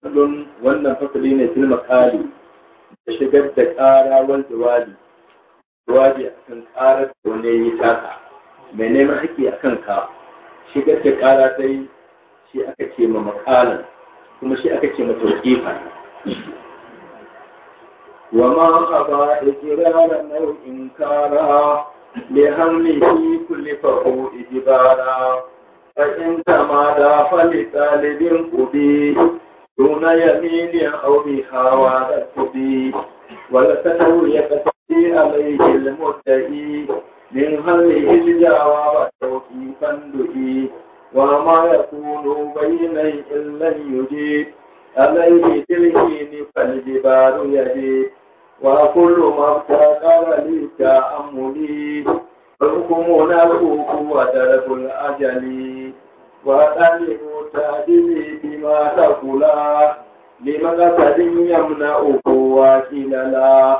fasalun wannan fasali ne filma makali da shigar da ƙara wal jawabi jawabi akan kara da wani yi taka mai neman haƙƙi akan ka shigar da ƙara sai shi aka ce ma makalan kuma shi aka ce ma tauƙifa wa ma qaba iqrara nau'in inkara li hamlihi kulli fahu ijbara fa in ma da li talibin qubi دون يمين قومها وعلى الكبي ولسنه يقتدي عليه المدعي من هله الجواب توفيقا به وما يكون بيني إلا يجيب عليه تلهين فالجبال يجيب وكل ما ابتكر لي تأملي فالحكم له قوة الأجل وألف تعدل بما تقولا لمقصد يمنعه واكل لا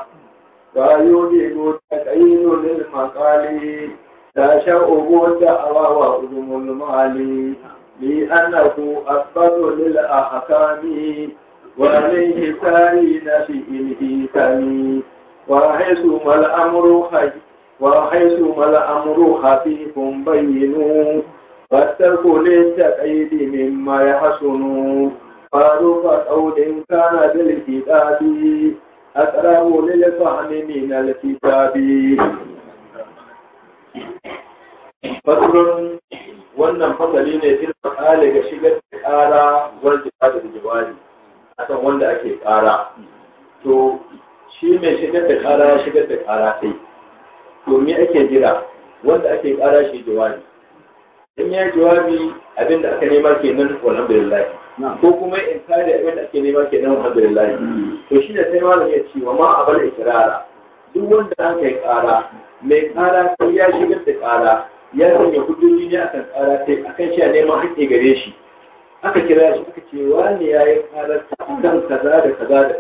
فيوجب تكعين للمقال تشاؤه الدعوى وأذم المال لأنه أثبت للأحكام وعليه سارين في الهيكم وحيثما الأمر خفيف بين فاتقوا للتقيد مما يحسن فاروق إن كان بالكتاب أتراه للفهم من الكتاب فصل wannan fasali ne fil makale ga shigar da kara wal jihad da jibali akan wanda ake kara to shi mai shigar da kara shigar da kara sai to me ake jira wanda ake kara shi in ya jawabi abinda aka nema kenan walhamdulillah ko kuma in kare abinda ake nema kenan walhamdulillah to shi da sai malam ya ce wa ma abal ikrara duk wanda an kai kara mai kara ko ya shiga da kara ya sanya hujjoji ne akan kara sai akan shi a neman haƙƙi gare shi aka kira shi aka ce ne ya yi karar kan kaza da kaza da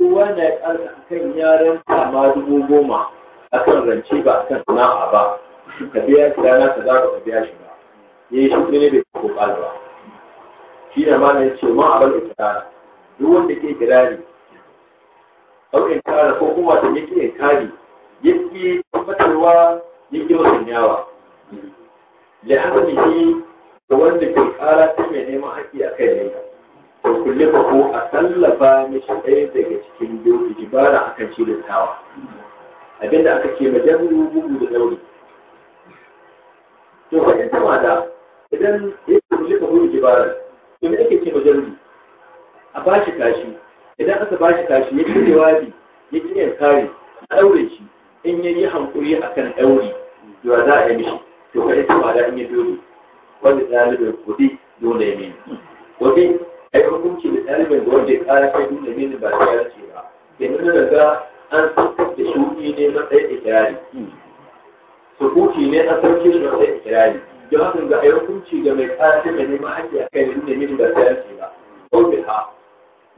ko wani ya kara akan yaran kama dubu goma akan rance ba akan sana'a ba ka biya shi na kaza ka biya shi ya eh, yi shi ne bai ko ba shi na ma ne ce ma abin ikirari duk wanda ke ikirari au inkara ko kuma da yake inkari yake tabbatarwa yake sanyawa. da hazamihi da wanda ke kara ta mai neman haƙƙi a kai ne to kulle ba ko a tallafa shi ɗaya daga cikin doki jibara akan shi da tawa abinda aka ke majalu bugu da dauri to fahimta ma da idan ya kulle ka huru jibara to me ake ce bi a bashi kashi idan aka bashi kashi ya ci jawabi ya ci yin kare a daure shi in ya yi hankuri akan daure yawa za a yi mishi to ka yi tsawa da in ya dole wanda ɗalibin kuɗi dole ya nemi a yi hukunci da ɗalibin da wanda ya ƙara kai dole ya ba ta cewa. ba yanzu da ga an saukar da shuɗi ne matsayin ikirari sukuki ne a sauke shi matsayin ikirari jawabin a yi hukunci ga mai tsara da neman haƙƙi a kai da neman da tsayanci ba ko bi ha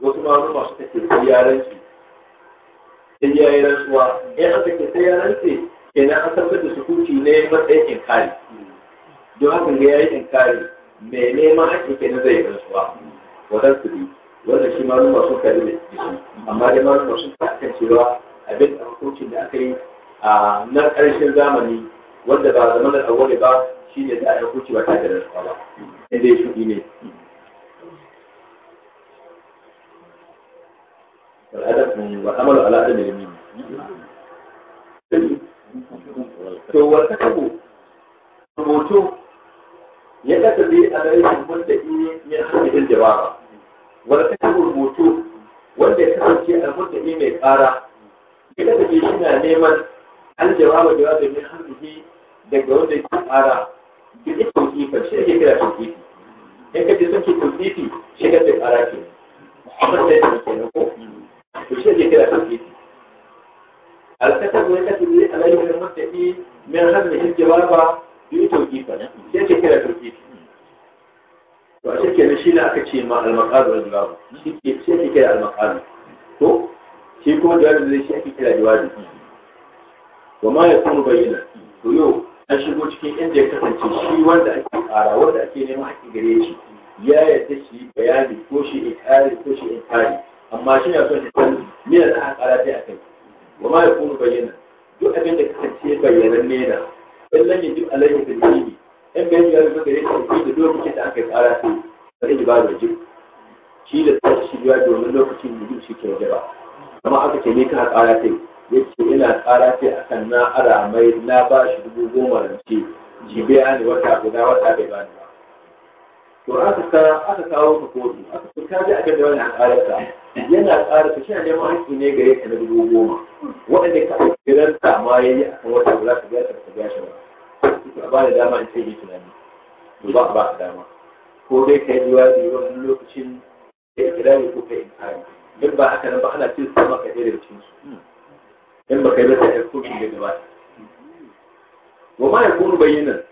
wasu malu masu take sai yaranci sai ya yi rantsuwa in aka ke sai yaranci kenan an tabbatar da sukuci ne matsayin inkari don haka ga yayi inkari mai neman haƙƙi kenan zai yi rantsuwa wadan su bi wannan shi malu masu kare da shi amma dai malu masu kan cewa abin da hukuncin da aka yi a nan ƙarshen zamani wanda ba zamanin awwali ba shi ne za a yi hukunci ba ta da rantsuwa ba inda ya shuɗi ne والعمل على عدم اليمين to wata kabo rubutu ya kasa bi a rashin wanda iya min hannun jawaba wata kabo rubutu wanda ya kasance a wanda iya mai ƙara, ya kasa bi shi na neman an jawaba jawabin min hannun daga wanda ya ƙara. biɗi tauƙifa shi ake kira tauƙifi in ka ce sun ce shi ka ce ƙara amma sai da ke ko to shi ake kira tauƙifi alkatab wai kasu ne alayhi min mutafi min hammi hin jawaba biɗi tauƙifa shi ake kira tauƙifi to a cikin shi ne aka ce ma al-maqadu wal jawab shi ke shi ake kira al-maqadu ko shi kuma jawabi shi ake kira jawabi wa ma yakunu bayyana to yau an shigo cikin inda ya kasance shi wanda ake kara wanda ake neman ake gare shi ya yarda shi bayani ko shi ikari ko shi inkari amma shi na son san me da aka kara sai akai wa ma yakunu bayyana duk abin da kasance bayyanan ne da illan yin duk alaihi Yan in bai ya rubuta gare shi da lokacin da aka kara sai bari ji ba da ji shi da tashi ya domin lokacin da shi ke ba amma aka ce ne ka kara sai yace ina tsara ce akan na ara mai na ba shi dubu goma rance biya ne wata guda wata bai bani ba to aka ka aka kawo ka kotu aka ce ka ji aka da wannan tsararsa yana tsararsa shi ne ma haƙƙi ne gare ka na dubu goma waɗanda ka ta ma yayi akan wata guda ka ga ka ga shi ba a ba da dama in ce yi tunani to ba ba ka dama ko dai ka yi yi wani lokacin da ne ko ka inkari duk ba aka nan ba ana cin sama ka ɗaya daga su in ba kai zata yar hukunci da gaba wa ma yakun bayyana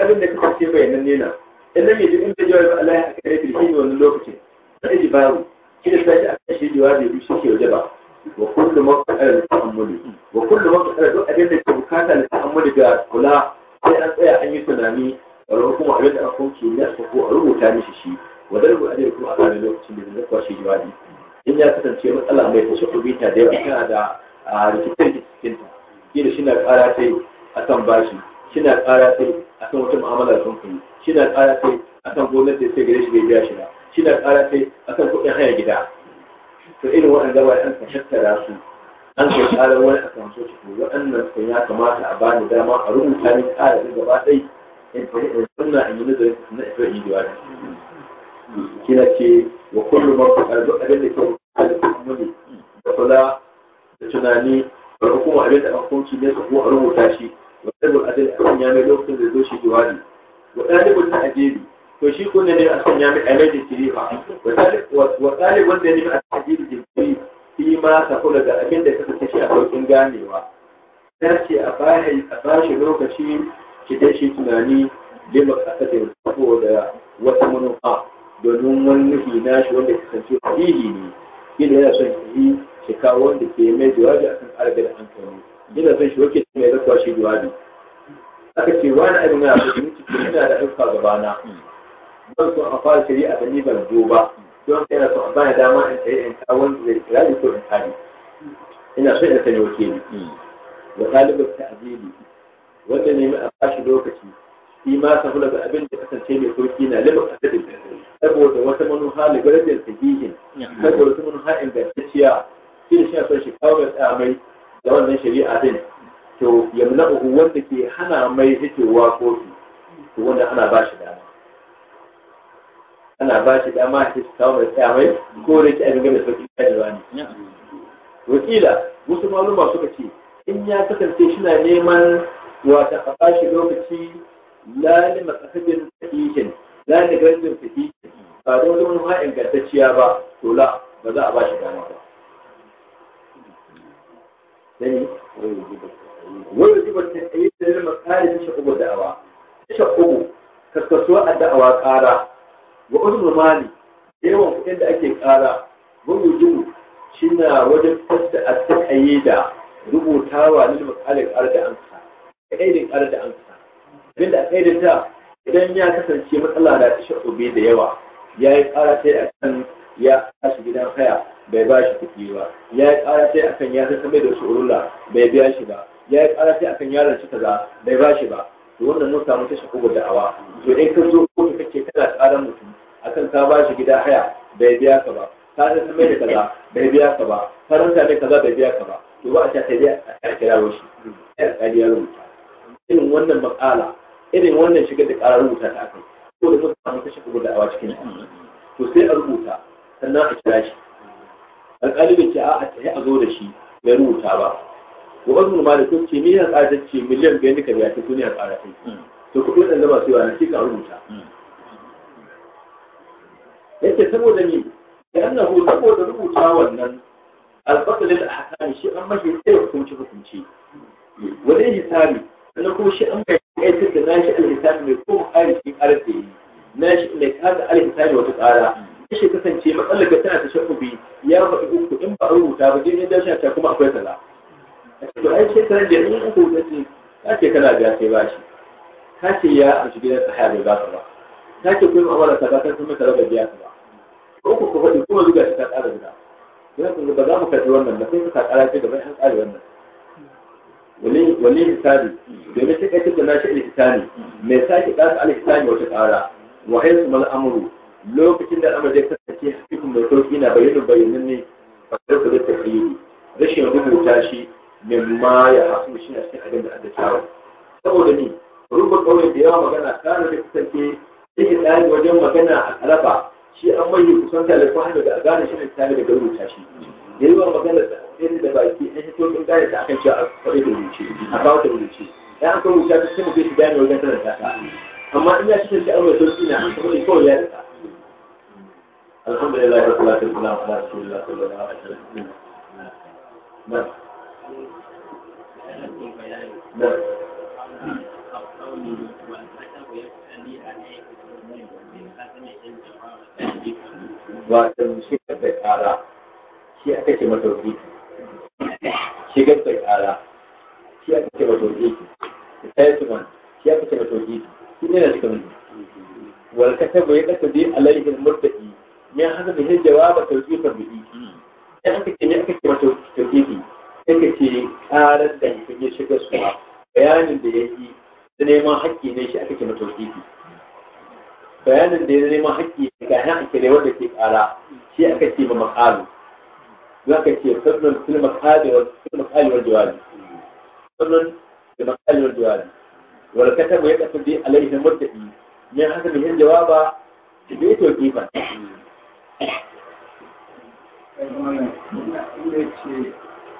abin da ce bayanan ne na in nan yaji in da jawabi Allah ya kare filhi ne wannan lokacin sai ji bayu shi da sai a kashe jawabi bi shi ke waje ba wa kullu maqdara da ta'ammuli wa kullu maqdara duk abin da ke bukata da ta'ammuli ga kula sai an tsaya an yi tunani a kuma abin da aka kunci ne aka ko a rubuta mishi shi wadar ku ajiye kuma a lokacin da zai kwashe jawabi in ya kasance matsala mai kusa kubita da yawa da a rikitar cikinta kila shi na ƙara ta yi a kan bashi shi na ƙara ta yi a kan wata mu'amala sun kai shi na ƙara ta yi a kan gwamnati sai gare shi bai biya shi ba shi na ƙara ta yi a kan kuɗin haya gida to irin waɗanda ba an ka tattara su an ka ƙara wani a kan soci to waɗannan sun ya kamata a bani dama a rubuta ni ƙara ɗin gaba ɗai in fahimta suna in yi nazarin na ita yi da kina ce wa kullum ba ku ƙarfi abin da kyau a da kuma da kula tunani bar hukuma abin da hukunci ne su kuma a rubuta shi wa ɗalibul adil a sanya mai lokacin da zo shi jawabi wa ɗalibul na ajebi to shi kunne ne a sanya mai alai da kirifa wa ɗalibul da ne a ajebi da kirifa shi ma ta kula da abin da kasance shi a sauƙin ganewa ya ce a bashi lokaci ki dai shi tunani lima kasafe saboda wata manufa domin wani nufi shi wanda kasance sahihi ne ila yana son yi shi wanda ke mai jawabi akan arabe da an kawo yana son shi wake mai zakuwa shi jawabi aka ce wani abin yana so in ciki yana da ayyuka gabana ban so a fara shiri a ni ban zo ba don yana so a bani dama in tsaye in kawo wanda zai kirari ko in kare ina so in sani wakili wa talibar ta'azili wanda ne a bashi lokaci shi ma saboda ga abin da kasance mai sauki na a asadin saboda wata manuha da garajin sahihin saboda wata manuha ingantacciya shi shi akwai shi kawo tsaya mai da wannan shari'a din to ya yamna uku wanda ke hana mai hitowa kofi to wanda ana ba shi dama ana ba shi dama shi kawo mai tsaya mai ko da ke abin gaba sauƙi ya da wani wakila wasu maluma suka ce in ya kasance shi neman wata a bashi lokaci lalima tsakabin sahihin lalima gandun sahihin ba da wani wani ingantacciya ba to la ba za a ba shi dama ba sani wani zubar ta yi da zama ƙari ta shaƙubu da'awa ta shaƙubu kaskasuwa a da'awa ƙara wa urdu mali yawan kuɗin da ake ƙara wani zubu shi na wajen fasta a taƙaye da rubutawa na zama ƙarin ƙara da amsa ƙaidin ƙara da amsa abinda a ƙaidin ta idan ya kasance matsala da ta shaƙube da yawa ya yi ƙara sai a kan ya tashi gidan haya bai ba shi kuɗi ba ya yi ƙara sai akan ya san mai da su urula bai biya shi ba ya yi ƙara sai akan yaron shi kaza bai ba shi ba to wannan mun samu tashi ko da'awa to in ka zo ko ka kake kana ƙaran mutum akan ka ba shi gida haya bai biya ka ba ka san mai da kaza bai biya ka ba ka ranta mai kaza bai biya ka ba to ba a ta sai dai a kira shi ya ƙari ya rubuta irin wannan maƙala irin wannan shiga da ƙara rubuta ta akan ibn malik sun ce miliyan tsada ce miliyan biyar ne biya ta duniya tsada ce hmm. to kuɗi waɗanda zama su na cika ka rubuta hmm. yake saboda ni da annahu saboda rubuta wannan a ahkam shi an mahi tsaye hukunci hukunci wani hisabi na kuma shi an mai aikin da na shi alhisabi mai kuma ƙari shi ƙarar da yi mai kada alhisabi wata Ya shi kasance matsalar ga tana ta shafubi ya faɗi uku in ba a rubuta ba jirgin ne da shi kuma akwai tsala. to ai kana da in ko da ce kace ce kana biya sai ba shi ce ya a gidan da haya bai ba ba ta ce kuma amara ta ba ta kuma ta raba biya ba ko ku faɗi kuma zuga shi ta ya gida don ba za mu karɓi wannan ba sai ka shi ce gaba an ƙare wannan wani misali domin ta kai da nashi alkitani ka sake ƙasa alkitani wata ƙara wa hayar su mal amuru lokacin da al'amari zai kasance cikin mai sauƙi na bayyana bayyanan ne a cikin da tafiye rashin rubuta shi mimma ya hasu shi a cikin abin da aka kyawu saboda ni rubar kaurin da yawa magana tare da kusance ke tsari wajen magana a kalafa shi an mai kusan talifahar da a gane shi ne tsari da rubuta shi da yawa magana da ɗaya da baki an shi tokin gane ta akan cewa a kwaɗe da rubuce a kawo da rubuce ya an kawo ta sai mutum shi gane wajen da ta amma in ya cikin sha'ar mai sauki na an kamar kawai ya rika alhamdulillah ya rasu lafiya kula a rasu lafiya kula wa ala lafiya Watan shi kai ƙara, shi aka ce matauki, shi shi aka ce matauki, shi aka ce matauki, shi ne na murtaki haka da ne aka ce matauki take ce karar da ita ya shiga suwa bayanin da ya yi da neman haƙƙi ne shi aka ce matauƙifi bayanin da ya neman haƙƙi ne ga nan ake wanda ke ƙara shi aka ce ba makalu za ka ce sannan fil makali wal jawabi sannan fil makali wal jawabi wal katabu ya kasu bi alaihi ne haka hasabi yin jawaba bi ba.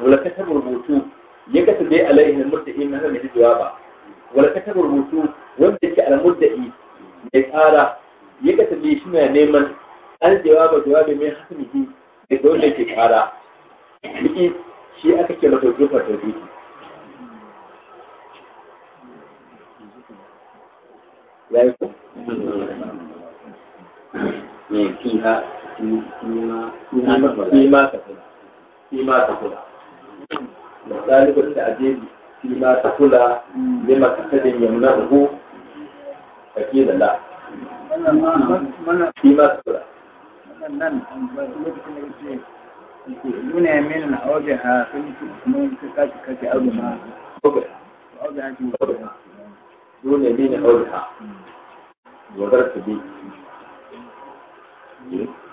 walakatar rubutu ya kasa bai alaihin murta'i na hannun hijiwa ba walakatar rubutu wanda ke yake almurta'i mai tsara ya kasa bai shi na neman an jawaba jawabi mai hasmihi da dole ke tsara biki shi aka ce mata jufa ta biki ya yi ku? ne fiha ma ka tsina ma ta kula. Misali ba ta aje shi ta kula zai ma ta ya muna ugu a ke da ta kula. Nuna ya na auge ha sun yi kusurman ta kaci kaci a ruma. Ok. ha ya mena bi.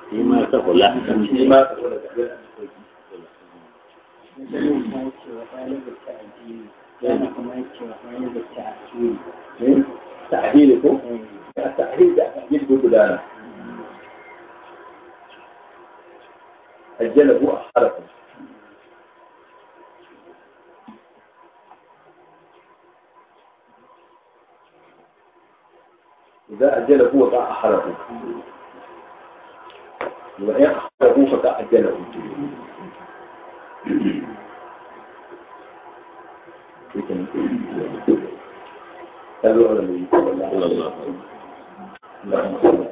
Shi ma ta kula. Shi كان هناك غالب التعديل كان هناك غالب التعديل تعديلكم التعديل ده تعديل بدلانا الجلب أحرقه إذا أجله هو فأحرقه وإن أحرقه فتعجله صلوا على النبي صلى الله عليه وسلم